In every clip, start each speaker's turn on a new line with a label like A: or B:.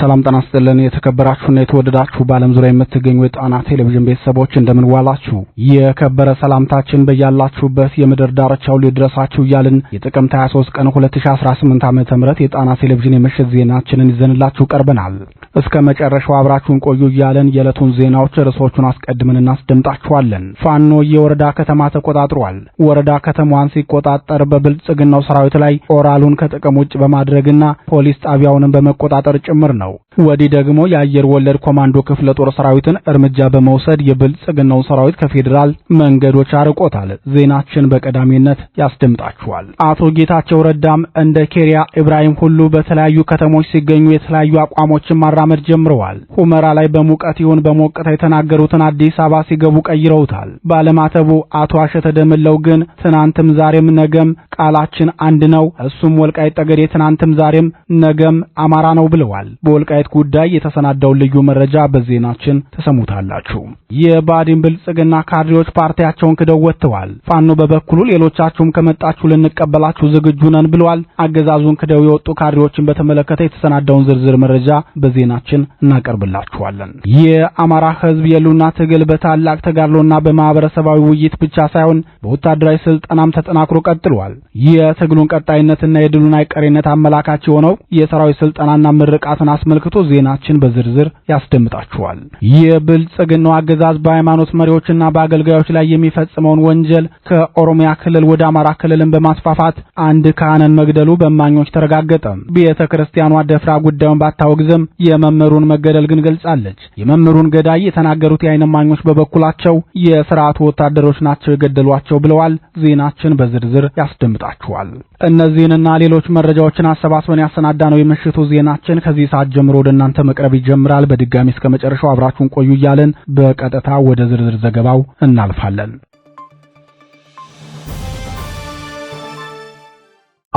A: ሰላም ጤና ይስጥልን። የተከበራችሁና የተወደዳችሁ በዓለም ዙሪያ የምትገኙ የጣና ቴሌቪዥን ቤተሰቦች እንደምን ዋላችሁ? የከበረ ሰላምታችን በያላችሁበት የምድር ዳርቻው ሊድረሳችሁ እያልን የጥቅምት 23 ቀን 2018 ዓ.ም የጣና ቴሌቪዥን የምሽት ዜናችንን ይዘንላችሁ ቀርበናል። እስከ መጨረሻው አብራችሁን ቆዩ እያለን የዕለቱን ዜናዎች ርዕሶቹን አስቀድመን እናስደምጣችኋለን። ፋኖ የወረዳ ከተማ ተቆጣጥሯል። ወረዳ ከተማዋን ሲቆጣጠር በብልጽግናው ሰራዊት ላይ ኦራሉን ከጥቅም ውጭ በማድረግና ፖሊስ ጣቢያውንም በመቆጣጠር ጭምር ነው። ወዲህ ደግሞ የአየር ወለድ ኮማንዶ ክፍለ ጦር ሰራዊትን እርምጃ በመውሰድ የብልጽግናውን ሰራዊት ከፌዴራል መንገዶች አርቆታል። ዜናችን በቀዳሚነት ያስደምጣችኋል። አቶ ጌታቸው ረዳም እንደ ኬሪያ ኢብራሂም ሁሉ በተለያዩ ከተሞች ሲገኙ የተለያዩ አቋሞችን ማራ መራመድ ጀምረዋል። ሁመራ ላይ በሙቀት ይሁን በሞቅታ የተናገሩትን አዲስ አበባ ሲገቡ ቀይረውታል። ባለማተቡ አቶ አሸተ ደምለው ግን ትናንትም ዛሬም ነገም ቃላችን አንድ ነው፣ እሱም ወልቃይት ጠገዴ ትናንትም ዛሬም ነገም አማራ ነው ብለዋል። በወልቃይት ጉዳይ የተሰናዳውን ልዩ መረጃ በዜናችን ተሰሙታላችሁ። የባዲን ብልጽግና ካድሬዎች ፓርቲያቸውን ክደው ወጥተዋል። ፋኖ በበኩሉ ሌሎቻችሁም ከመጣችሁ ልንቀበላችሁ ዝግጁ ነን ብለዋል። አገዛዙን ክደው የወጡ ካድሬዎችን በተመለከተ የተሰናዳውን ዝርዝር መረጃ በዜና ዜናችን እናቀርብላችኋለን። የአማራ ህዝብ የሉና ትግል በታላቅ ተጋድሎና በማህበረሰባዊ ውይይት ብቻ ሳይሆን በወታደራዊ ስልጠናም ተጠናክሮ ቀጥሏል። የትግሉን ቀጣይነትና የድሉን አይቀሬነት አመላካች የሆነው የሰራዊት ስልጠናና ምርቃትን አስመልክቶ ዜናችን በዝርዝር ያስደምጣችኋል። የብልጽግናው አገዛዝ በሃይማኖት መሪዎችና በአገልጋዮች ላይ የሚፈጽመውን ወንጀል ከኦሮሚያ ክልል ወደ አማራ ክልልን በማስፋፋት አንድ ካህንን መግደሉ በማኞች ተረጋገጠ። ቤተ ክርስቲያኗ ደፍራ ጉዳዩን ባታወግዝም የመምህሩን መገደል ግን ገልጻለች። የመምህሩን ገዳይ የተናገሩት የዓይን እማኞች በበኩላቸው የስርዓቱ ወታደሮች ናቸው የገደሏቸው ብለዋል። ዜናችን በዝርዝር ያስደምጣችኋል። እነዚህንና ሌሎች መረጃዎችን አሰባስበን ያሰናዳ ነው የምሽቱ ዜናችን ከዚህ ሰዓት ጀምሮ ወደ እናንተ መቅረብ ይጀምራል። በድጋሚ እስከ መጨረሻው አብራችሁን ቆዩ እያለን በቀጥታ ወደ ዝርዝር ዘገባው እናልፋለን።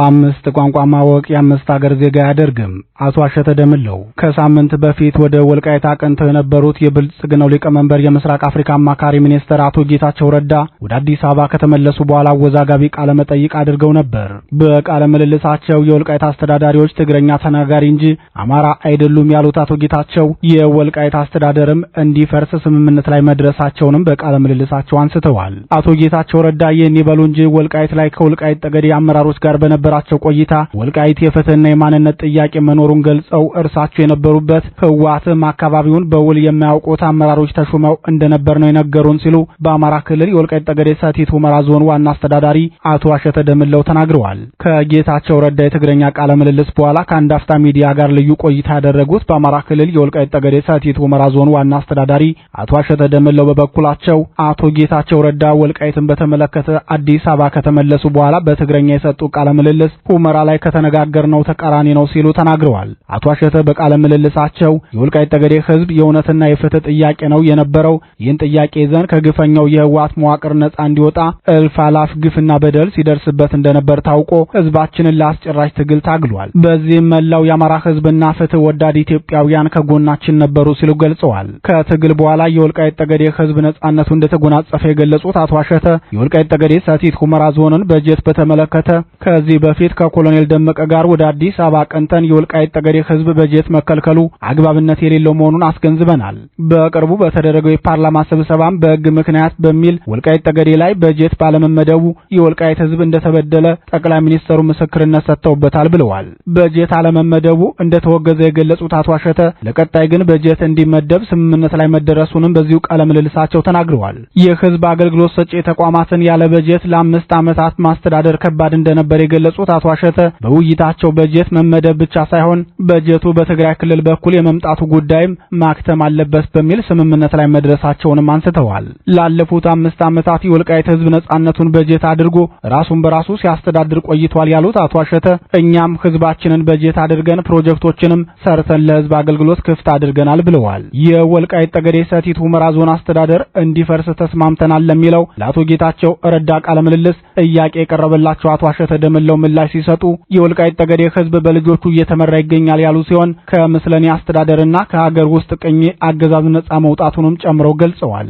A: አምስት ቋንቋ ማወቅ የአምስት አገር ዜጋ አያደርግም። አቶ አሸተ ደምለው ከሳምንት በፊት ወደ ወልቃይት አቅንተው የነበሩት የብልጽግናው ሊቀመንበር የምስራቅ አፍሪካ አማካሪ ሚኒስትር አቶ ጌታቸው ረዳ ወደ አዲስ አበባ ከተመለሱ በኋላ አወዛጋቢ ቃለ መጠይቅ አድርገው ነበር። በቃለ ምልልሳቸው የወልቃይት አስተዳዳሪዎች ትግረኛ ተናጋሪ እንጂ አማራ አይደሉም ያሉት አቶ ጌታቸው የወልቃይት አስተዳደርም እንዲፈርስ ስምምነት ላይ መድረሳቸውንም በቃለ ምልልሳቸው አንስተዋል። አቶ ጌታቸው ረዳ ይህን ይበሉ እንጂ ወልቃይት ላይ ከወልቃይት ጠገዴ አመራሮች ጋር በነበ በነበራቸው ቆይታ ወልቃይት የፍትህና የማንነት ጥያቄ መኖሩን ገልጸው እርሳቸው የነበሩበት ህወሓትም አካባቢውን በውል የማያውቁት አመራሮች ተሹመው እንደነበር ነው የነገሩን ሲሉ በአማራ ክልል የወልቃይት ጠገዴ ሰቲት ሁመራ ዞን ዋና አስተዳዳሪ አቶ አሸተ ደምለው ተናግረዋል። ከጌታቸው ረዳ የትግረኛ ቃለ ምልልስ በኋላ ከአንድ አፍታ ሚዲያ ጋር ልዩ ቆይታ ያደረጉት በአማራ ክልል የወልቃይት ጠገዴ ሰቲት ሁመራ ዞን ዋና አስተዳዳሪ አቶ አሸተ ደምለው በበኩላቸው አቶ ጌታቸው ረዳ ወልቃይትን በተመለከተ አዲስ አበባ ከተመለሱ በኋላ በትግረኛ የሰጡ ቃለ ምልልስ ምልልስ ሁመራ ላይ ከተነጋገርነው ተቃራኒ ነው ሲሉ ተናግረዋል። አቶ አሸተ በቃለ ምልልሳቸው የወልቃይት ጠገዴ ሕዝብ የእውነትና የፍትህ ጥያቄ ነው የነበረው። ይህን ጥያቄ ይዘን ከግፈኛው የህወሓት መዋቅር ነጻ እንዲወጣ እልፍ አላፍ ግፍና በደል ሲደርስበት እንደነበር ታውቆ ህዝባችንን ለአስጨራሽ ትግል ታግሏል። በዚህም መላው የአማራ ሕዝብና ፍትህ ወዳድ ኢትዮጵያውያን ከጎናችን ነበሩ ሲሉ ገልጸዋል። ከትግል በኋላ የወልቃይት ጠገዴ ሕዝብ ነጻነቱ እንደተጎናጸፈ የገለጹት አቶ አሸተ የወልቃይት ጠገዴ ሰቲት ሁመራ ዞንን በጀት በተመለከተ ከዚህ በፊት ከኮሎኔል ደመቀ ጋር ወደ አዲስ አበባ ቀንተን የወልቃይት ጠገዴ ህዝብ በጀት መከልከሉ አግባብነት የሌለው መሆኑን አስገንዝበናል። በቅርቡ በተደረገው የፓርላማ ስብሰባም በህግ ምክንያት በሚል ወልቃይት ጠገዴ ላይ በጀት ባለመመደቡ የወልቃይት ህዝብ እንደተበደለ ጠቅላይ ሚኒስትሩ ምስክርነት ሰጥተውበታል ብለዋል። በጀት አለመመደቡ እንደተወገዘ የገለጹት አቶ አሸተ ለቀጣይ ግን በጀት እንዲመደብ ስምምነት ላይ መደረሱንም በዚሁ ቃለ ምልልሳቸው ተናግረዋል። የህዝብ አገልግሎት ሰጪ ተቋማትን ያለ በጀት ለአምስት ዓመታት ማስተዳደር ከባድ እንደነበር የገለጹ እንደገለጹት አቶ አሸተ በውይይታቸው በጀት መመደብ ብቻ ሳይሆን በጀቱ በትግራይ ክልል በኩል የመምጣቱ ጉዳይም ማክተም አለበት በሚል ስምምነት ላይ መድረሳቸውንም አንስተዋል። ላለፉት አምስት ዓመታት የወልቃይት ህዝብ ነጻነቱን በጀት አድርጎ ራሱን በራሱ ሲያስተዳድር ቆይቷል ያሉት አቶ አሸተ እኛም ህዝባችንን በጀት አድርገን ፕሮጀክቶችንም ሰርተን ለህዝብ አገልግሎት ክፍት አድርገናል ብለዋል። የወልቃይት ጠገዴ ሰቲት ሁመራ ዞን አስተዳደር እንዲፈርስ ተስማምተናል ለሚለው ለአቶ ጌታቸው ረዳ ቃለ ምልልስ ጥያቄ የቀረበላቸው አቶ አሸተ ደምለው ምላሽ ሲሰጡ የወልቃይት ጠገዴ ህዝብ በልጆቹ እየተመራ ይገኛል ያሉ ሲሆን ከምስለኔ አስተዳደርና ከሀገር ውስጥ ቅኝ አገዛዝ ነጻ መውጣቱንም ጨምረው ገልጸዋል።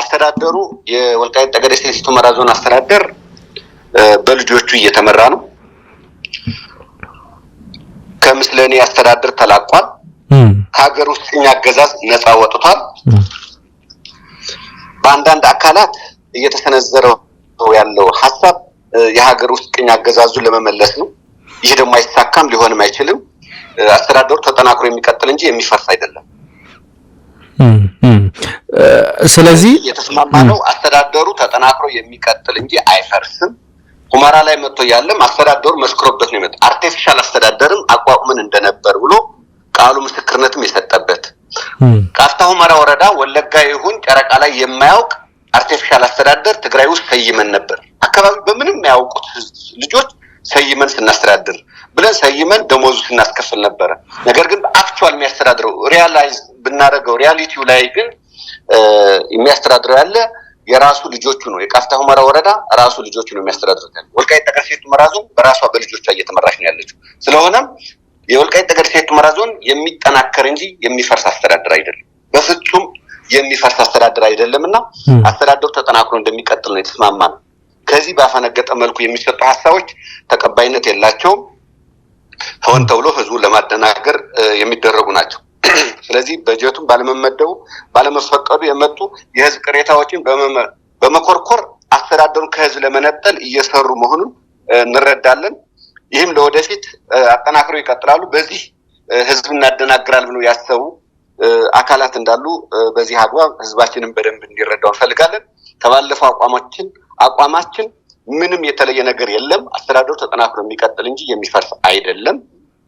B: አስተዳደሩ የወልቃይት ጠገዴ ሰቲት ሁመራ ዞን አስተዳደር በልጆቹ እየተመራ ነው። ከምስለኔ አስተዳደር ተላቋል። ከሀገር ውስጥ ቅኝ አገዛዝ ነጻ ወጥቷል። በአንዳንድ አካላት እየተሰነዘረው ያለው ሀሳብ የሀገር ውስጥ ቅኝ አገዛዙን ለመመለስ ነው። ይህ ደግሞ አይሳካም፣ ሊሆንም አይችልም። አስተዳደሩ ተጠናክሮ የሚቀጥል እንጂ የሚፈርስ አይደለም። ስለዚህ የተስማማ ነው። አስተዳደሩ ተጠናክሮ የሚቀጥል እንጂ አይፈርስም። ሁመራ ላይ መጥቶ ያለም አስተዳደሩ መስክሮበት ነው የመጣ አርቲፊሻል አስተዳደርም አቋቁመን እንደነበር ብሎ ቃሉ ምስክርነትም የሰጠበት ቃፍታ ሁመራ ወረዳ ወለጋ ይሁን ጨረቃ ላይ የማያውቅ አርቲፊሻል አስተዳደር ትግራይ ውስጥ ሰይመን ነበር። አካባቢ በምንም ያውቁት ልጆች ሰይመን ስናስተዳድር ብለን ሰይመን ደሞዙ ስናስከፍል ነበረ። ነገር ግን አክቹዋል የሚያስተዳድረው ሪያላይዝ ብናደርገው ሪያሊቲው ላይ ግን የሚያስተዳድረው ያለ የራሱ ልጆቹ ነው። የቃፍታ ሁመራ ወረዳ ራሱ ልጆቹ ነው የሚያስተዳድሩት። ወልቃይት ጠገዴ ሰቲት ሁመራ ዞን በራሷ በልጆቿ እየተመራች ነው ያለችው። ስለሆነም የወልቃይት ጠገዴ ሰቲት ሁመራ ዞን የሚጠናከር እንጂ የሚፈርስ አስተዳደር አይደለም፣ በፍጹም የሚፈርስ አስተዳደር አይደለም እና አስተዳደሩ ተጠናክሮ እንደሚቀጥል ነው የተስማማ ነው። ከዚህ ባፈነገጠ መልኩ የሚሰጡ ሀሳቦች ተቀባይነት የላቸውም። ሆን ተብሎ ህዝቡን ለማደናገር የሚደረጉ ናቸው። ስለዚህ በጀቱን ባለመመደቡ ባለመፈቀዱ የመጡ የህዝብ ቅሬታዎችን በመኮርኮር አስተዳደሩን ከህዝብ ለመነጠል እየሰሩ መሆኑን እንረዳለን። ይህም ለወደፊት አጠናክረው ይቀጥላሉ። በዚህ ህዝብ እናደናግራል ብለው ያሰቡ አካላት እንዳሉ በዚህ አግባብ ህዝባችንን በደንብ እንዲረዳው እንፈልጋለን። ከባለፈው አቋማችን አቋማችን ምንም የተለየ ነገር የለም። አስተዳደሩ ተጠናክሮ የሚቀጥል እንጂ የሚፈርስ አይደለም።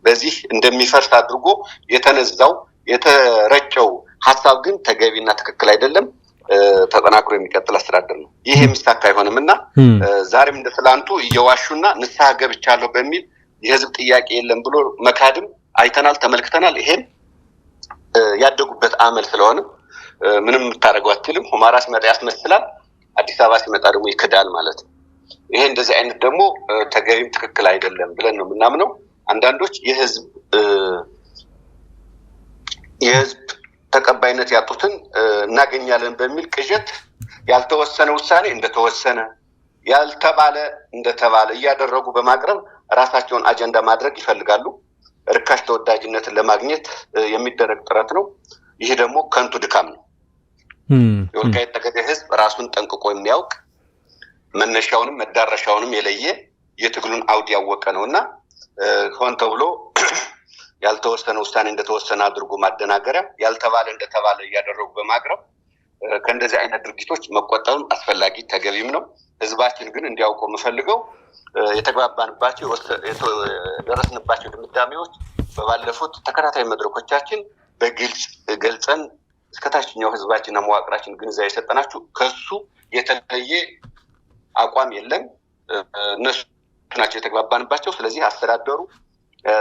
B: በዚህ እንደሚፈርስ አድርጎ የተነዛው የተረጨው ሀሳብ ግን ተገቢና ትክክል አይደለም። ተጠናክሮ የሚቀጥል አስተዳደር ነው። ይህ የሚሳካ አይሆንም እና ዛሬም እንደ ትላንቱ እየዋሹና ንስሐ ገብቻለሁ በሚል የህዝብ ጥያቄ የለም ብሎ መካድም አይተናል፣ ተመልክተናል። ይሄም ያደጉበት አመል ስለሆነ ምንም የምታደርገው አትልም። ሁማራስ መሪ ያስመስላል። አዲስ አበባ ሲመጣ ደግሞ ይክዳል ማለት ነው። ይሄ እንደዚህ አይነት ደግሞ ተገቢም ትክክል አይደለም ብለን ነው የምናምነው። አንዳንዶች የህዝብ የህዝብ ተቀባይነት ያጡትን እናገኛለን በሚል ቅዠት ያልተወሰነ ውሳኔ እንደተወሰነ ያልተባለ እንደተባለ እያደረጉ በማቅረብ ራሳቸውን አጀንዳ ማድረግ ይፈልጋሉ። እርካሽ ተወዳጅነትን ለማግኘት የሚደረግ ጥረት ነው። ይህ ደግሞ ከንቱ ድካም ነው። የወልቃይት ጠገዴ ህዝብ ራሱን ጠንቅቆ የሚያውቅ መነሻውንም መዳረሻውንም የለየ የትግሉን አውድ ያወቀ ነው እና ሆን ተብሎ ያልተወሰነ ውሳኔ እንደተወሰነ አድርጎ ማደናገሪያ ያልተባለ እንደተባለ እያደረጉ በማቅረብ ከእንደዚህ አይነት ድርጊቶች መቆጠብም አስፈላጊ ተገቢም ነው። ህዝባችን ግን እንዲያውቀው የምፈልገው የተግባባንባቸው የደረስንባቸው ድምዳሜዎች በባለፉት ተከታታይ መድረኮቻችን በግልጽ ገልጸን እስከ ታችኛው ህዝባችንና መዋቅራችን ግንዛቤ የሰጠናችሁ ከሱ የተለየ አቋም የለም። እነሱ ናቸው የተግባባንባቸው። ስለዚህ አስተዳደሩ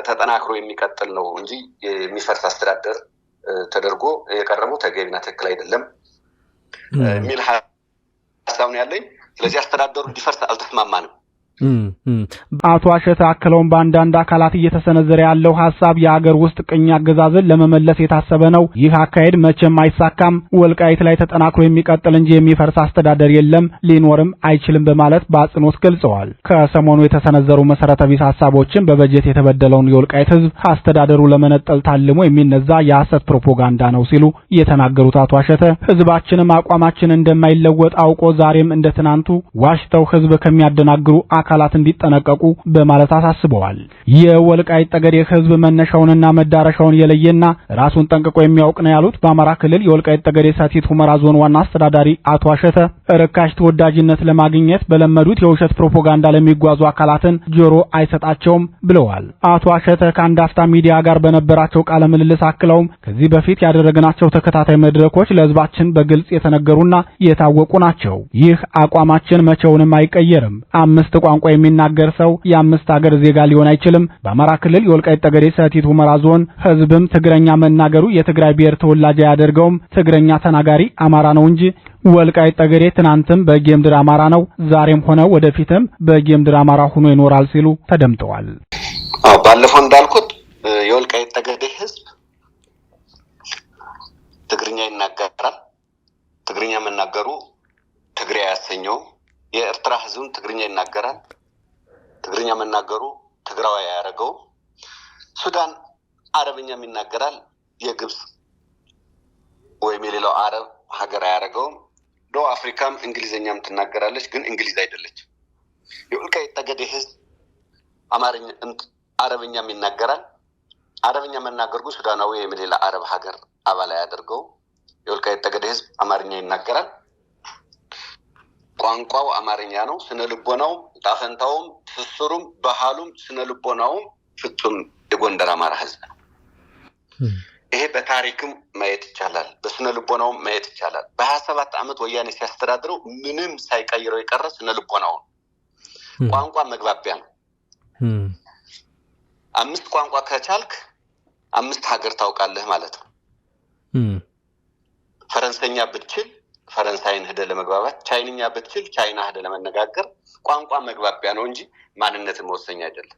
B: ተጠናክሮ የሚቀጥል ነው እንጂ የሚፈርስ አስተዳደር ተደርጎ የቀረበው ተገቢና ትክክል አይደለም የሚል ሀሳብ ነው ያለኝ። ስለዚህ አስተዳደሩ እንዲፈርስ አልተስማማንም።
A: አቶ አሸተ አክለውን በአንዳንድ አካላት እየተሰነዘረ ያለው ሀሳብ የአገር ውስጥ ቅኝ አገዛዝን ለመመለስ የታሰበ ነው። ይህ አካሄድ መቼም አይሳካም። ወልቃይት ላይ ተጠናክሮ የሚቀጥል እንጂ የሚፈርስ አስተዳደር የለም፣ ሊኖርም አይችልም በማለት በአጽንኦት ገልጸዋል። ከሰሞኑ የተሰነዘሩ መሰረተ ቢስ ሀሳቦችን በበጀት የተበደለውን የወልቃይት ህዝብ አስተዳደሩ ለመነጠል ታልሞ የሚነዛ የሐሰት ፕሮፓጋንዳ ነው ሲሉ የተናገሩት አቶ አሸተ ህዝባችንም አቋማችን እንደማይለወጥ አውቆ ዛሬም እንደ ትናንቱ ዋሽተው ህዝብ ከሚያደናግሩ አካል አካላት እንዲጠነቀቁ በማለት አሳስበዋል። የወልቃይት ጠገዴ ህዝብ መነሻውንና መዳረሻውን የለየና ራሱን ጠንቅቆ የሚያውቅ ነው ያሉት በአማራ ክልል የወልቃይት ጠገዴ ሰቲት ሁመራ ዞን ዋና አስተዳዳሪ አቶ አሸተ እርካሽ ተወዳጅነት ለማግኘት በለመዱት የውሸት ፕሮፓጋንዳ ለሚጓዙ አካላትን ጆሮ አይሰጣቸውም ብለዋል። አቶ አሸተ ከአንድ አፍታ ሚዲያ ጋር በነበራቸው ቃለ ምልልስ አክለውም ከዚህ በፊት ያደረግናቸው ተከታታይ መድረኮች ለህዝባችን በግልጽ የተነገሩና የታወቁ ናቸው። ይህ አቋማችን መቼውንም አይቀየርም። አምስት ቋንቋ ቋንቋ የሚናገር ሰው የአምስት አገር ዜጋ ሊሆን አይችልም። በአማራ ክልል የወልቃይት ጠገዴ ሰቲት ሁመራ ዞን ህዝብም ትግረኛ መናገሩ የትግራይ ብሔር ተወላጅ ያደርገውም ትግረኛ ተናጋሪ አማራ ነው እንጂ ወልቃይት ጠገዴ ትናንትም በጌምድር አማራ ነው፣ ዛሬም ሆነ ወደፊትም በጌምድር አማራ ሆኖ ይኖራል ሲሉ ተደምጠዋል።
B: ባለፈው እንዳልኩት የወልቃይት ጠገዴ ህዝብ ትግርኛ ይናገራል። ትግርኛ መናገሩ ትግሬ አያሰኘውም። የኤርትራ ህዝብም ትግርኛ ይናገራል። ትግርኛ መናገሩ ትግራዊ ያደረገው ሱዳን አረብኛም ይናገራል። የግብፅ ወይም የሌላው አረብ ሀገር አያደረገውም ደቡብ አፍሪካም እንግሊዝኛም ትናገራለች፣ ግን እንግሊዝ አይደለች። የኡልቃይ ጠገዴ ህዝብ አማርኛ አረብኛም ይናገራል። አረብኛ መናገር ግን ሱዳናዊ ወይም አረብ ሀገር አባል አያደርገው። የወልቃይት ጠገዴ ህዝብ አማርኛ ይናገራል። ቋንቋው አማርኛ ነው። ስነ ልቦናው ጣፈንታውም፣ ትስስሩም፣ ባህሉም፣ ስነ ልቦናውም ፍጹም የጎንደር አማራ ህዝብ ነው። ይሄ በታሪክም ማየት ይቻላል፣ በስነ ልቦናውም ማየት ይቻላል። በሀያ ሰባት ዓመት ወያኔ ሲያስተዳድረው ምንም ሳይቀይረው የቀረ ስነ ልቦናው ነው። ቋንቋ መግባቢያ ነው። አምስት ቋንቋ ከቻልክ አምስት ሀገር ታውቃለህ ማለት ነው። ፈረንሰኛ ብትችል ፈረንሳይን ህደ ለመግባባት ቻይንኛ ብትችል ቻይና ህደ ለመነጋገር ቋንቋ መግባቢያ ነው እንጂ ማንነትን መወሰኛ አይደለም።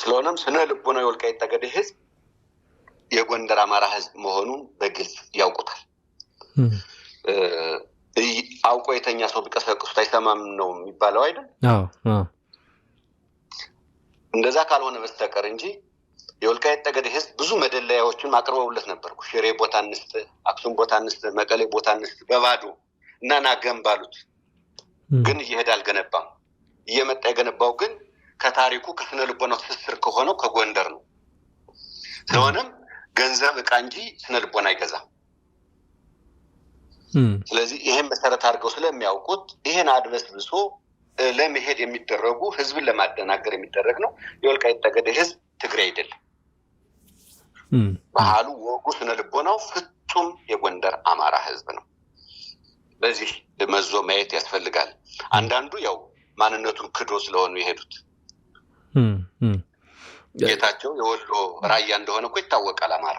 B: ስለሆነም ስነ ልቦና የወልቃይት ጠገዴ ህዝብ የጎንደር አማራ ህዝብ መሆኑን በግልጽ ያውቁታል። አውቆ የተኛ ሰው ቢቀሰቅሱት አይሰማም ነው የሚባለው አይደል? እንደዛ ካልሆነ በስተቀር እንጂ የወልቃይት ጠገዴ ህዝብ ብዙ መደለያዎችን አቅርበውለት ነበር። ሽሬ ቦታ አንስት፣ አክሱም ቦታ አንስት፣ መቀሌ ቦታ አንስት፣ በባዶ እና ናገም ባሉት ግን እየሄደ አልገነባም። እየመጣ የገነባው ግን ከታሪኩ ከስነ ልቦናው ትስስር ከሆነው ከጎንደር ነው። ስለሆነም ገንዘብ እቃ እንጂ ስነ ልቦና አይገዛም። ስለዚህ ይሄን መሰረት አድርገው ስለሚያውቁት ይሄን አድረስ ብሶ ለመሄድ የሚደረጉ ህዝብን ለማደናገር የሚደረግ ነው። የወልቃይት ጠገዴ ህዝብ ትግሬ አይደለም። ባህሉ፣ ወጉ፣ ስነ ልቦናው ፍጹም የጎንደር አማራ ህዝብ ነው። በዚህ መዞ ማየት ያስፈልጋል። አንዳንዱ ያው ማንነቱን ክዶ ስለሆኑ የሄዱት ጌታቸው የወሎ ራያ እንደሆነ እኮ ይታወቃል አማራ።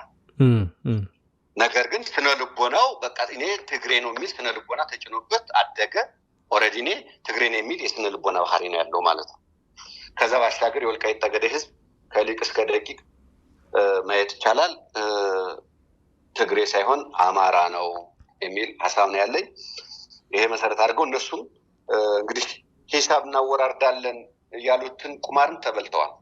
B: ነገር ግን ስነ ልቦናው በቃ እኔ ትግሬ ነው የሚል ስነ ልቦና ተጭኖበት አደገ። ኦልሬዲ እኔ ትግሬ ነው የሚል የስነ ልቦና ባህሪ ነው ያለው ማለት ነው። ከዛ ባሻገር የወልቃይት ጠገዴ ህዝብ ከሊቅ እስከ ደቂቅ ማየት ይቻላል። ትግሬ ሳይሆን አማራ ነው የሚል ሀሳብ ነው ያለኝ። ይሄ መሰረት አድርገው እነሱም እንግዲህ ሂሳብ እናወራርዳለን ያሉትን ቁማርን ተበልተዋል።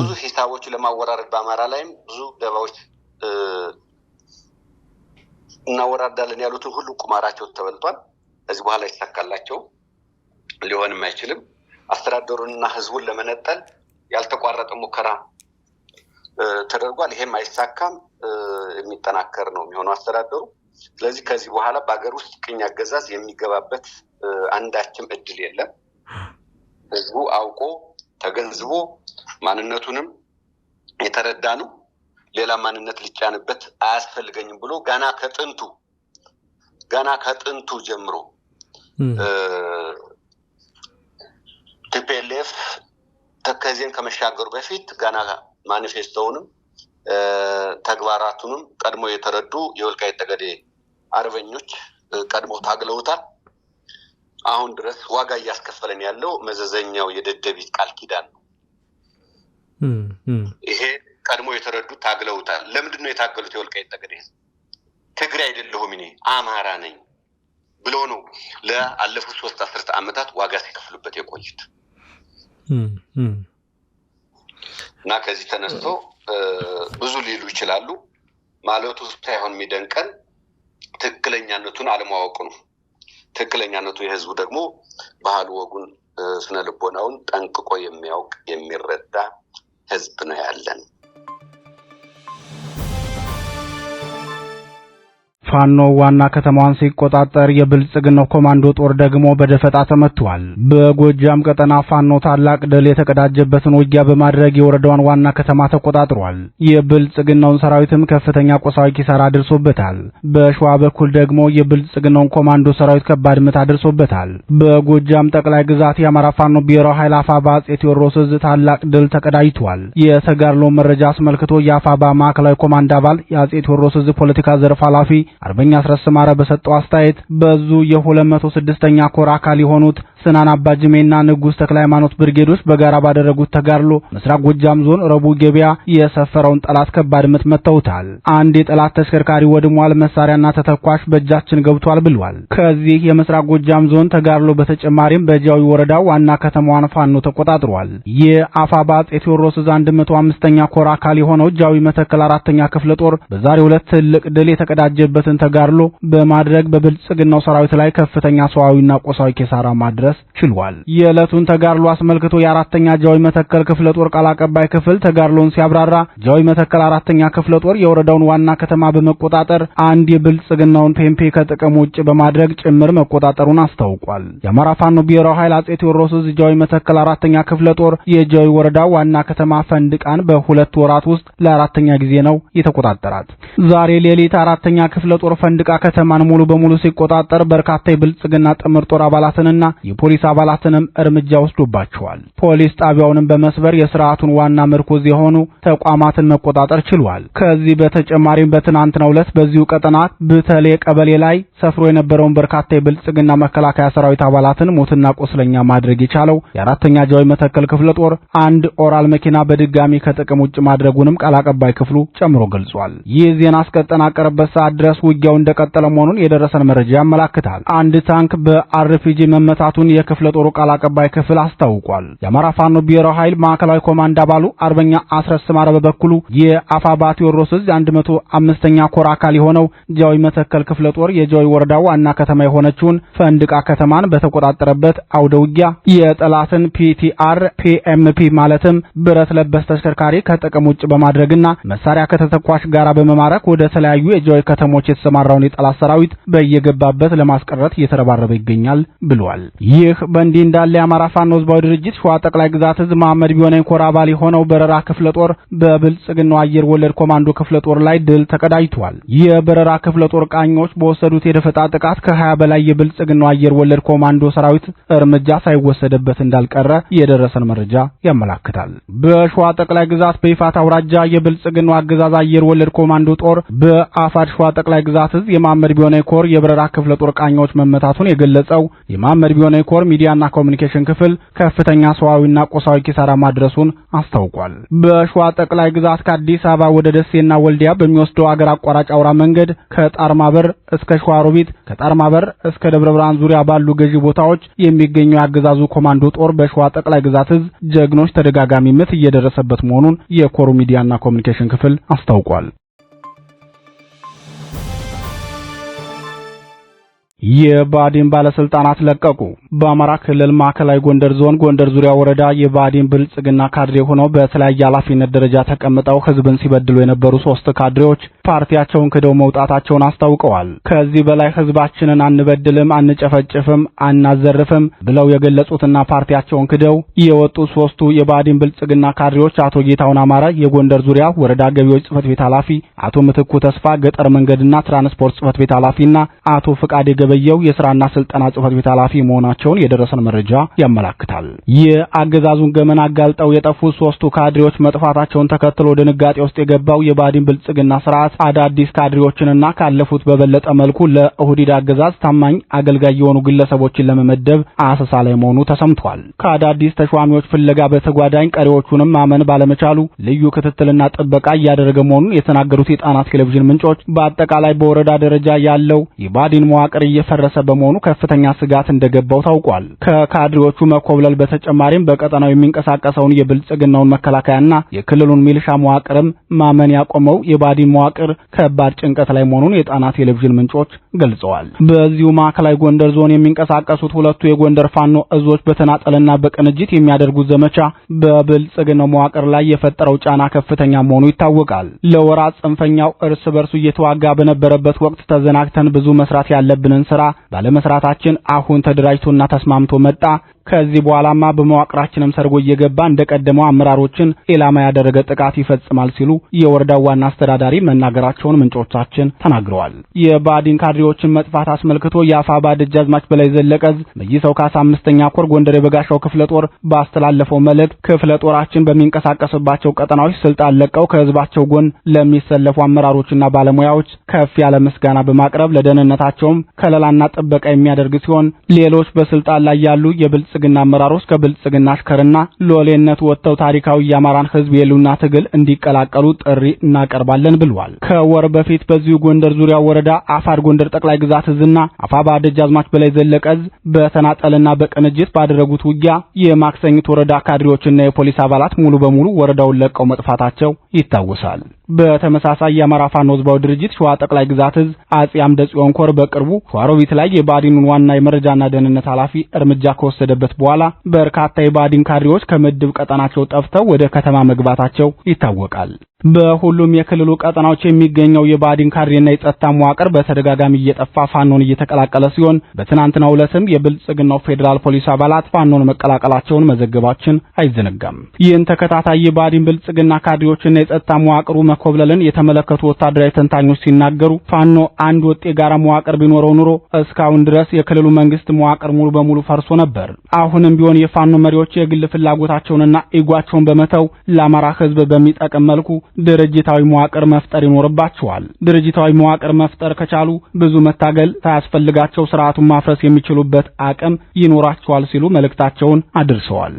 B: ብዙ ሂሳቦች ለማወራረድ በአማራ ላይም ብዙ ደባዎች እናወራርዳለን ያሉትን ሁሉ ቁማራቸው ተበልቷል። እዚህ በኋላ ይሳካላቸው ሊሆንም አይችልም። አስተዳደሩንና ህዝቡን ለመነጠል ያልተቋረጠ ሙከራ ተደርጓል። ይሄም አይሳካም፣ የሚጠናከር ነው የሚሆነው አስተዳደሩ። ስለዚህ ከዚህ በኋላ በሀገር ውስጥ ቅኝ አገዛዝ የሚገባበት አንዳችም እድል የለም። ህዝቡ አውቆ ተገንዝቦ ማንነቱንም የተረዳ ነው። ሌላ ማንነት ሊጫንበት አያስፈልገኝም ብሎ ገና ከጥንቱ ገና ከጥንቱ ጀምሮ ቲፒኤልኤፍ ተከዜን ከመሻገሩ በፊት ገና ማኒፌስቶውንም ተግባራቱንም ቀድሞ የተረዱ የወልቃይት ጠገዴ አርበኞች ቀድሞ ታግለውታል። አሁን ድረስ ዋጋ እያስከፈለን ያለው መዘዘኛው የደደቢት ቃል ኪዳን ነው። ይሄ ቀድሞ የተረዱ ታግለውታል። ለምንድን ነው የታገሉት? የወልቃይት ጠገዴ ትግራይ አይደለሁም እኔ አማራ ነኝ ብሎ ነው ለአለፉት ሶስት አስርተ ዓመታት ዋጋ ሲከፍሉበት የቆዩት። እና ከዚህ ተነስቶ ብዙ ሊሉ ይችላሉ ማለቱ ሳይሆን የሚደንቀን ትክክለኛነቱን አለማወቁ ነው። ትክክለኛነቱ የህዝቡ ደግሞ ባህል፣ ወጉን፣ ስነልቦናውን ጠንቅቆ የሚያውቅ የሚረዳ ህዝብ ነው ያለን።
A: ፋኖ ዋና ከተማዋን ሲቆጣጠር የብልጽግናው ኮማንዶ ጦር ደግሞ በደፈጣ ተመቷል። በጎጃም ቀጠና ፋኖ ታላቅ ድል የተቀዳጀበትን ውጊያ በማድረግ የወረዳዋን ዋና ከተማ ተቆጣጥሯል። የብልጽግናውን ሰራዊትም ከፍተኛ ቁሳዊ ኪሳራ አድርሶበታል። በሸዋ በኩል ደግሞ የብልጽግናውን ኮማንዶ ሰራዊት ከባድ ምት አድርሶበታል። በጎጃም ጠቅላይ ግዛት የአማራ ፋኖ ብሔራዊ ኃይል አፋባ አፄ ቴዎድሮስ እዝ ታላቅ ድል ተቀዳጅቷል። የተጋድሎ መረጃ አስመልክቶ የአፋባ ማዕከላዊ ኮማንድ አባል የአጼ ቴዎድሮስ እዝ ፖለቲካ ዘርፍ ኃላፊ አርበኛ አስረስ ማረ በሰጠው አስተያየት በዙ የ206ኛ ኮር አካል የሆኑት ስናን አባጅሜና ንጉሥ ተክለ ሃይማኖት ብርጌዶች በጋራ ባደረጉት ተጋድሎ ምስራቅ ጎጃም ዞን ረቡ ገበያ የሰፈረውን ጠላት ከባድ ምት መትተውታል። አንድ የጠላት ተሽከርካሪ ወድሟል፣ መሳሪያና ተተኳሽ በእጃችን ገብቷል ብሏል። ከዚህ የምስራቅ ጎጃም ዞን ተጋድሎ በተጨማሪም በጃዊ ወረዳ ዋና ከተማዋን ፋኖ ተቆጣጥሯል። የአፋባ አፄ ቴዎድሮስ ዕዝ 105ኛ ኮር አካል የሆነው ጃዊ መተከል አራተኛ ክፍለ ጦር በዛሬው ዕለት ትልቅ ድል የተቀዳጀበት የነበረበትን ተጋድሎ በማድረግ በብልጽግናው ሰራዊት ላይ ከፍተኛ ሰዋዊና ቆሳዊ ኪሳራ ማድረስ ችሏል። የዕለቱን ተጋድሎ አስመልክቶ የአራተኛ ጃዊ መተከል ክፍለ ጦር ቃል አቀባይ ክፍል ተጋድሎን ሲያብራራ ጃዊ መተከል አራተኛ ክፍለ ጦር የወረዳውን ዋና ከተማ በመቆጣጠር አንድ የብልጽግናውን ፔምፔ ከጥቅም ውጭ በማድረግ ጭምር መቆጣጠሩን አስታውቋል። የአማራ ፋኖ ብሔራዊ ኃይል አጼ ቴዎድሮስ እዝ ጃዊ መተከል አራተኛ ክፍለ ጦር የጃዊ ወረዳ ዋና ከተማ ፈንድቃን በሁለት ወራት ውስጥ ለአራተኛ ጊዜ ነው የተቆጣጠራት። ዛሬ ሌሊት አራተኛ ክፍለ ጦር ፈንድቃ ከተማን ሙሉ በሙሉ ሲቆጣጠር በርካታ የብልጽግና ጥምር ጦር አባላትንና የፖሊስ አባላትንም እርምጃ ወስዶባቸዋል። ፖሊስ ጣቢያውንም በመስበር የስርዓቱን ዋና ምርኩዝ የሆኑ ተቋማትን መቆጣጠር ችሏል። ከዚህ በተጨማሪም በትናንትናው ዕለት በዚሁ ቀጠና ብተሌ ቀበሌ ላይ ሰፍሮ የነበረውን በርካታ የብልጽግና መከላከያ ሰራዊት አባላትን ሞትና ቆስለኛ ማድረግ የቻለው የአራተኛ ጃዊ መተከል ክፍለ ጦር አንድ ኦራል መኪና በድጋሚ ከጥቅም ውጭ ማድረጉንም ቃል አቀባይ ክፍሉ ጨምሮ ገልጿል። ይህ ዜና እስከተጠናቀረበት ሰዓት ድረስ ውጊያው እንደቀጠለ መሆኑን የደረሰን መረጃ ያመላክታል። አንድ ታንክ በአርፒጂ መመታቱን የክፍለ ጦሩ ቃል አቀባይ ክፍል አስታውቋል። የአማራ ፋኖ ብሔራዊ ኃይል ማዕከላዊ ኮማንድ አባሉ አርበኛ አስረስ ማረ በበኩሉ የአፋባ ቴዎድሮስ ዕዝ 105ኛ ኮር አካል የሆነው ጃዊ መተከል ክፍለ ጦር የጃዊ ወረዳ ዋና ከተማ የሆነችውን ፈንድቃ ከተማን በተቆጣጠረበት አውደ ውጊያ የጠላትን ፒቲአር ፒኤምፒ ማለትም ብረት ለበስ ተሽከርካሪ ከጥቅም ውጭ በማድረግና መሳሪያ ከተተኳሽ ጋራ በመማረክ ወደ ተለያዩ የጃዊ ከተሞች የተሰማራውን የጠላት ሰራዊት በየገባበት ለማስቀረት እየተረባረበ ይገኛል ብሏል። ይህ በእንዲህ እንዳለ የአማራ ፋኖ ህዝባዊ ድርጅት ሸዋ ጠቅላይ ግዛት ህዝብ መሐመድ ቢሆነኝ ኮር አባል የሆነው በረራ ክፍለ ጦር በብልጽግናው አየር ወለድ ኮማንዶ ክፍለ ጦር ላይ ድል ተቀዳጅቷል። የበረራ ክፍለ ጦር ቃኞች በወሰዱት የደፈጣ ጥቃት ከ20 በላይ የብልጽግናው አየር ወለድ ኮማንዶ ሰራዊት እርምጃ ሳይወሰደበት እንዳልቀረ የደረሰን መረጃ ያመላክታል። በሸዋ ጠቅላይ ግዛት በይፋት አውራጃ የብልጽግናው አገዛዝ አየር ወለድ ኮማንዶ ጦር በአፋድ ሸዋ ጠቅላይ ግዛት እዝ የመሐመድ ኮር የበረራ ክፍለ ጦር ቃኞች መመታቱን የገለጸው የመሐመድ ቢሆነኝ ኮር ሚዲያና ኮሚኒኬሽን ክፍል ከፍተኛ ሰዋዊና ቆሳዊ ኪሳራ ማድረሱን አስታውቋል። በሸዋ ጠቅላይ ግዛት ከአዲስ አበባ ወደ ደሴና ወልዲያ በሚወስደው አገር አቋራጭ አውራ መንገድ ከጣርማበር እስከ ሸዋሮቢት፣ ከጣርማበር እስከ ደብረ ብርሃን ዙሪያ ባሉ ገዢ ቦታዎች የሚገኘው የአገዛዙ ኮማንዶ ጦር በሸዋ ጠቅላይ ግዛት እዝ ጀግኖች ተደጋጋሚ ምት እየደረሰበት መሆኑን የኮሩ ሚዲያና ኮሚኒኬሽን ክፍል አስታውቋል። የባዲን ባለስልጣናት ለቀቁ። በአማራ ክልል ማዕከላዊ ጎንደር ዞን ጎንደር ዙሪያ ወረዳ የባዲን ብልጽግና ካድሬ ሆነው በተለያየ ኃላፊነት ደረጃ ተቀምጠው ህዝብን ሲበድሉ የነበሩ ሶስት ካድሬዎች ፓርቲያቸውን ክደው መውጣታቸውን አስታውቀዋል። ከዚህ በላይ ህዝባችንን አንበድልም፣ አንጨፈጭፍም፣ አናዘርፍም ብለው የገለጹትና ፓርቲያቸውን ክደው የወጡ ሶስቱ የባዲን ብልጽግና ካድሬዎች አቶ ጌታሁን አማረ የጎንደር ዙሪያ ወረዳ ገቢዎች ጽህፈት ቤት ኃላፊ፣ አቶ ምትኩ ተስፋ ገጠር መንገድና ትራንስፖርት ጽህፈት ቤት ኃላፊና አቶ ፍቃዴ በየው የስራና ስልጠና ጽህፈት ቤት ኃላፊ መሆናቸውን የደረሰን መረጃ ያመላክታል። የአገዛዙን ገመን አጋልጠው የጠፉት ሶስቱ ካድሬዎች መጥፋታቸውን ተከትሎ ድንጋጤ ውስጥ የገባው የባዲን ብልጽግና ስርዓት አዳዲስ ካድሬዎችንና ካለፉት በበለጠ መልኩ ለኦህዴድ አገዛዝ ታማኝ አገልጋይ የሆኑ ግለሰቦችን ለመመደብ አሰሳ ላይ መሆኑ ተሰምቷል። ከአዳዲስ ተሿሚዎች ፍለጋ በተጓዳኝ ቀሪዎቹንም ማመን ባለመቻሉ ልዩ ክትትልና ጥበቃ እያደረገ መሆኑን የተናገሩት የጣናት ቴሌቪዥን ምንጮች በአጠቃላይ በወረዳ ደረጃ ያለው የባዲን መዋቅር እየፈረሰ በመሆኑ ከፍተኛ ስጋት እንደገባው ታውቋል። ከካድሬዎቹ መኮብለል በተጨማሪም በቀጠናው የሚንቀሳቀሰውን የብልጽግናውን መከላከያና የክልሉን ሚልሻ መዋቅርም ማመን ያቆመው የባዲ መዋቅር ከባድ ጭንቀት ላይ መሆኑን የጣና ቴሌቪዥን ምንጮች ገልጸዋል። በዚሁ ማዕከላዊ ጎንደር ዞን የሚንቀሳቀሱት ሁለቱ የጎንደር ፋኖ እዞች በተናጠልና በቅንጅት የሚያደርጉት ዘመቻ በብልጽግናው መዋቅር ላይ የፈጠረው ጫና ከፍተኛ መሆኑ ይታወቃል። ለወራት ጽንፈኛው እርስ በርሱ እየተዋጋ በነበረበት ወቅት ተዘናግተን ብዙ መስራት ያለብንን ሥራ ባለመሥራታችን አሁን ተደራጅቶና ተስማምቶ መጣ ከዚህ በኋላማ በመዋቅራችንም ሰርጎ እየገባ እንደቀደመው አመራሮችን ኢላማ ያደረገ ጥቃት ይፈጽማል ሲሉ የወረዳው ዋና አስተዳዳሪ መናገራቸውን ምንጮቻችን ተናግረዋል። የባዲን ካድሬዎችን መጥፋት አስመልክቶ የአፋ ባድ እጃዝማች በላይ ዘለቀዝ በይሰው ካሳ አምስተኛ ኮር ጎንደር የበጋሻው ክፍለ ጦር ባስተላለፈው መልእክት ክፍለ ጦራችን በሚንቀሳቀስባቸው ቀጠናዎች ስልጣን ለቀው ከህዝባቸው ጎን ለሚሰለፉ አመራሮችና ባለሙያዎች ከፍ ያለ ምስጋና በማቅረብ ለደህንነታቸውም ከለላና ጥበቃ የሚያደርግ ሲሆን ሌሎች በስልጣን ላይ ያሉ የብልጽ የብልጽግና አመራሮች ከብልጽግና አሽከርና ሎሌነት ወጥተው ታሪካዊ የአማራን ህዝብ የሉና ትግል እንዲቀላቀሉ ጥሪ እናቀርባለን ብሏል። ከወር በፊት በዚሁ ጎንደር ዙሪያ ወረዳ አፋድ ጎንደር ጠቅላይ ግዛት እዝና አፋባ ደጃዝማች በላይ ዘለቀ እዝ በተናጠልና በቅንጅት ባደረጉት ውጊያ የማክሰኝት ወረዳ ካድሬዎችና የፖሊስ አባላት ሙሉ በሙሉ ወረዳውን ለቀው መጥፋታቸው ይታወሳል። በተመሳሳይ የአማራ ፋኖ ህዝባዊ ድርጅት ሸዋ ጠቅላይ ግዛት እዝ አጼ አምደ ጽዮን ኮር በቅርቡ ሸዋሮቢት ላይ የባዲኑን ዋና የመረጃና ደህንነት ኃላፊ እርምጃ ከወሰደበት በኋላ በርካታ የባዲን ካድሬዎች ከምድብ ቀጠናቸው ጠፍተው ወደ ከተማ መግባታቸው ይታወቃል። በሁሉም የክልሉ ቀጠናዎች የሚገኘው የባዲን ካድሬና የጸጥታ መዋቅር በተደጋጋሚ እየጠፋ ፋኖን እየተቀላቀለ ሲሆን በትናንትናው ዕለትም የብልጽግናው ፌዴራል ፖሊስ አባላት ፋኖን መቀላቀላቸውን መዘገባችን አይዘነጋም። ይህን ተከታታይ የባዲን ብልጽግና ካድሬዎችና የጸጥታ መዋቅሩ መኮብለልን የተመለከቱ ወታደራዊ ተንታኞች ሲናገሩ ፋኖ አንድ ወጥ የጋራ መዋቅር ቢኖረው ኑሮ እስካሁን ድረስ የክልሉ መንግስት መዋቅር ሙሉ በሙሉ ፈርሶ ነበር። አሁንም ቢሆን የፋኖ መሪዎች የግል ፍላጎታቸውንና ኢጓቸውን በመተው ለአማራ ህዝብ በሚጠቅም መልኩ ድርጅታዊ መዋቅር መፍጠር ይኖርባቸዋል። ድርጅታዊ መዋቅር መፍጠር ከቻሉ ብዙ መታገል ሳያስፈልጋቸው ስርዓቱን ማፍረስ የሚችሉበት አቅም ይኖራቸዋል ሲሉ መልእክታቸውን አድርሰዋል።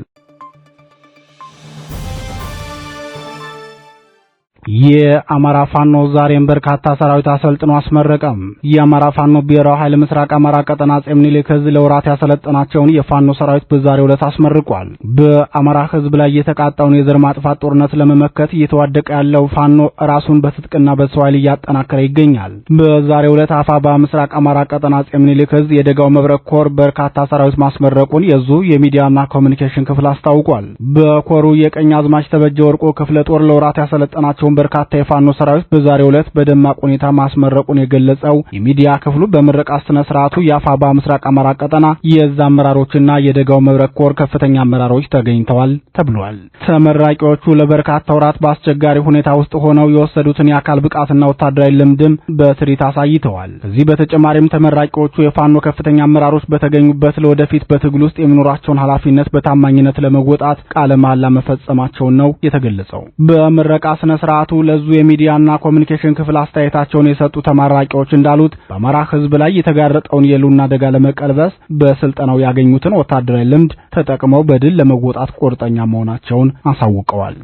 A: የአማራ ፋኖ ዛሬም በርካታ ሰራዊት አሰልጥኖ አስመረቀም። የአማራ ፋኖ ብሔራዊ ኃይል ምስራቅ አማራ ቀጠና አጼ ምኒልክ ለውራት ያሰለጠናቸውን የፋኖ ሰራዊት በዛሬው ዕለት አስመርቋል። በአማራ ህዝብ ላይ የተቃጣውን የዘር ማጥፋት ጦርነት ለመመከት እየተዋደቀ ያለው ፋኖ ራሱን በትጥቅና በሰው ኃይል እያጠናከረ ይገኛል። በዛሬው ዕለት አፋባ ምስራቅ አማራ ቀጠና አጼ ምኒልክ የደጋው መብረቅ ኮር በርካታ ሰራዊት ማስመረቁን የዙ የሚዲያና ኮሚኒኬሽን ክፍል አስታውቋል። በኮሩ የቀኝ አዝማች ተበጀ ወርቆ ክፍለ ጦር ለውራት ያሰለጠናቸውን በርካታ የፋኖ ሰራዊት በዛሬው ዕለት በደማቅ ሁኔታ ማስመረቁን የገለጸው የሚዲያ ክፍሉ በምረቃ ስነ ስርዓቱ የአፋባ ምስራቅ አማራ ቀጠና የዛ አመራሮችና የደጋው መብረቅ ኮር ከፍተኛ አመራሮች ተገኝተዋል ተብሏል። ተመራቂዎቹ ለበርካታ ወራት በአስቸጋሪ ሁኔታ ውስጥ ሆነው የወሰዱትን የአካል ብቃትና ወታደራዊ ልምድም በትርኢት አሳይተዋል። ከዚህ በተጨማሪም ተመራቂዎቹ የፋኖ ከፍተኛ አመራሮች በተገኙበት ለወደፊት በትግል ውስጥ የሚኖራቸውን ኃላፊነት በታማኝነት ለመወጣት ቃለ መሐላ መፈጸማቸውን ነው የተገለጸው። በምረቃ ስነ በሰዓቱ ለዙ የሚዲያና ኮሚኒኬሽን ክፍል አስተያየታቸውን የሰጡ ተመራቂዎች እንዳሉት በአማራ ሕዝብ ላይ የተጋረጠውን የሉና አደጋ ለመቀልበስ በስልጠናው ያገኙትን ወታደራዊ ልምድ ተጠቅመው በድል ለመወጣት ቁርጠኛ መሆናቸውን አሳውቀዋል።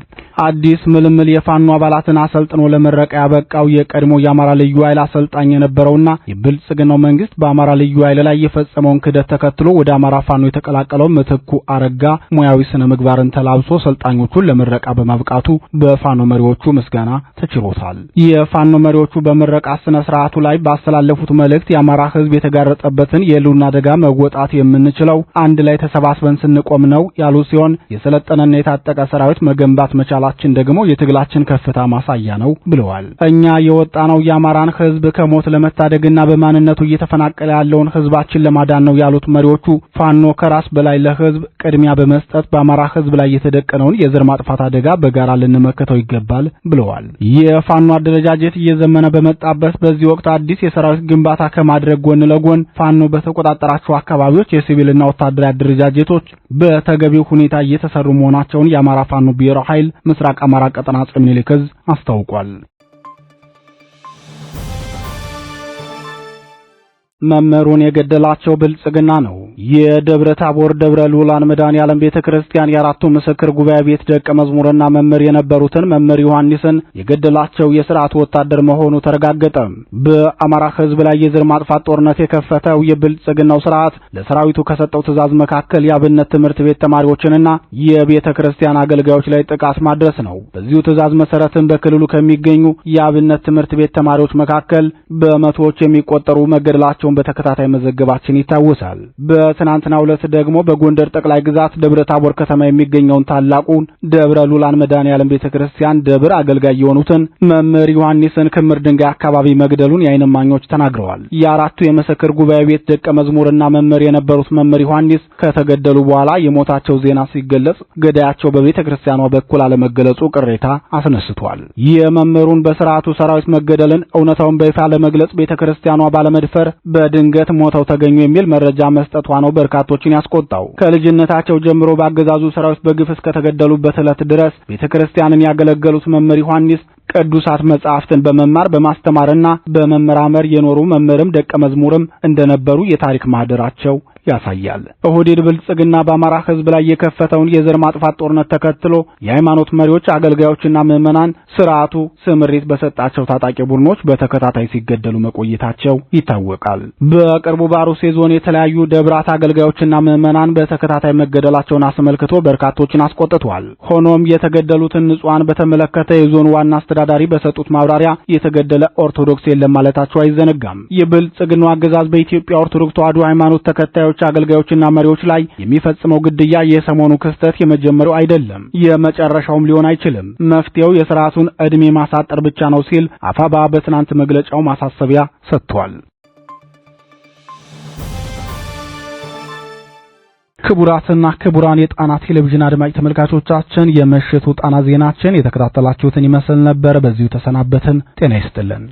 A: አዲስ ምልምል የፋኖ አባላትን አሰልጥኖ ለመረቀ ያበቃው የቀድሞ የአማራ ልዩ ኃይል አሰልጣኝ የነበረውና የብልጽግናው መንግስት በአማራ ልዩ ኃይል ላይ የፈጸመውን ክደት ተከትሎ ወደ አማራ ፋኖ የተቀላቀለው ምትኩ አረጋ ሙያዊ ስነ ምግባርን ተላብሶ ሰልጣኞቹን ለምረቃ በማብቃቱ በፋኖ መሪዎቹ ምስጋና ተችሎታል። የፋኖ መሪዎቹ በምረቃ ስነ ስርዓቱ ላይ ባስተላለፉት መልእክት የአማራ ህዝብ የተጋረጠበትን የህልውና አደጋ መወጣት የምንችለው አንድ ላይ ተሰባስበን ስንቆም ነው ያሉ ሲሆን የሰለጠነና የታጠቀ ሰራዊት መገንባት መቻላችን ደግሞ የትግላችን ከፍታ ማሳያ ነው ብለዋል። እኛ የወጣ ነው የአማራን ህዝብ ከሞት ለመታደግና በማንነቱ እየተፈናቀለ ያለውን ህዝባችን ለማዳን ነው ያሉት መሪዎቹ ፋኖ ከራስ በላይ ለህዝብ ቅድሚያ በመስጠት በአማራ ህዝብ ላይ የተደቀነውን የዘር ማጥፋት አደጋ በጋራ ልንመከተው ይገባል ብለዋል። የፋኖ አደረጃጀት እየዘመነ በመጣበት በዚህ ወቅት አዲስ የሰራዊት ግንባታ ከማድረግ ጎን ለጎን ፋኖ በተቆጣጠራቸው አካባቢዎች የሲቪልና ወታደራዊ አደረጃጀቶች በተገቢው ሁኔታ እየተሰሩ መሆናቸውን የአማራ ፋኖ ብሔራዊ ኃይል ምስራቅ አማራ ቀጠና አፄ አስታውቋል። መምህሩን የገደላቸው ብልጽግና ነው። የደብረ ታቦር ደብረ ልዑላን መድኃኔዓለም ቤተ ክርስቲያን የአራቱ ምስክር ጉባኤ ቤት ደቀ መዝሙርና መምህር የነበሩትን መምህር ዮሐንስን የገደላቸው የስርዓቱ ወታደር መሆኑ ተረጋገጠ። በአማራ ሕዝብ ላይ የዘር ማጥፋት ጦርነት የከፈተው የብልጽግናው ስርዓት ለሰራዊቱ ከሰጠው ትዕዛዝ መካከል የአብነት ትምህርት ቤት ተማሪዎችንና የቤተ ክርስቲያን አገልጋዮች ላይ ጥቃት ማድረስ ነው። በዚሁ ትዕዛዝ መሰረትም በክልሉ ከሚገኙ የአብነት ትምህርት ቤት ተማሪዎች መካከል በመቶዎች የሚቆጠሩ መገደላቸው መሆናቸውን በተከታታይ መዘገባችን ይታወሳል። በትናንትናው ዕለት ደግሞ በጎንደር ጠቅላይ ግዛት ደብረ ታቦር ከተማ የሚገኘውን ታላቁን ደብረ ሉላን መድኃኔዓለም ቤተ ክርስቲያን ደብር አገልጋይ የሆኑትን መምህር ዮሐንስን ክምር ድንጋይ አካባቢ መግደሉን የዓይን እማኞች ተናግረዋል። የአራቱ የመሰክር ጉባኤ ቤት ደቀ መዝሙርና መምህር የነበሩት መምህር ዮሐንስ ከተገደሉ በኋላ የሞታቸው ዜና ሲገለጽ ገዳያቸው በቤተ ክርስቲያኗ በኩል አለመገለጹ ቅሬታ አስነስቷል። የመምህሩን በስርዓቱ ሰራዊት መገደልን እውነታውን በይፋ ለመግለጽ ቤተ ክርስቲያኗ ባለመድፈር በድንገት ሞተው ተገኙ የሚል መረጃ መስጠቷ ነው በርካቶችን ያስቆጣው። ከልጅነታቸው ጀምሮ በአገዛዙ ሰራዊት በግፍ እስከተገደሉበት ዕለት ድረስ ቤተ ክርስቲያንን ያገለገሉት መምህር ዮሐንስ ቅዱሳት መጻሕፍትን በመማር በማስተማርና በመመራመር የኖሩ መምህርም ደቀ መዝሙርም እንደነበሩ የታሪክ ማህደራቸው ያሳያል። ኦህዴድ ብልጽግና በአማራ ሕዝብ ላይ የከፈተውን የዘር ማጥፋት ጦርነት ተከትሎ የሃይማኖት መሪዎች፣ አገልጋዮችና ምዕመናን ስርዓቱ ስምሪት በሰጣቸው ታጣቂ ቡድኖች በተከታታይ ሲገደሉ መቆየታቸው ይታወቃል። በቅርቡ በአሩሴ ዞን የተለያዩ ደብራት አገልጋዮችና ምዕመናን በተከታታይ መገደላቸውን አስመልክቶ በርካቶችን አስቆጥቷል። ሆኖም የተገደሉትን ንጹሐን በተመለከተ የዞን ዋና አስተዳደ አስተዳዳሪ በሰጡት ማብራሪያ የተገደለ ኦርቶዶክስ የለም ማለታቸው አይዘነጋም። የብልጽግና አገዛዝ በኢትዮጵያ ኦርቶዶክስ ተዋዶ ሃይማኖት ተከታዮች አገልጋዮችና መሪዎች ላይ የሚፈጽመው ግድያ የሰሞኑ ክስተት የመጀመሪያው አይደለም፣ የመጨረሻውም ሊሆን አይችልም። መፍትሄው የስርዓቱን ዕድሜ ማሳጠር ብቻ ነው ሲል አፋባ በትናንት መግለጫው ማሳሰቢያ ሰጥቷል። ክቡራትና ክቡራን የጣና ቴሌቪዥን አድማጭ ተመልካቾቻችን የምሽቱ ጣና ዜናችን የተከታተላችሁትን ይመስል ነበር። በዚሁ ተሰናበትን። ጤና ይስጥልን።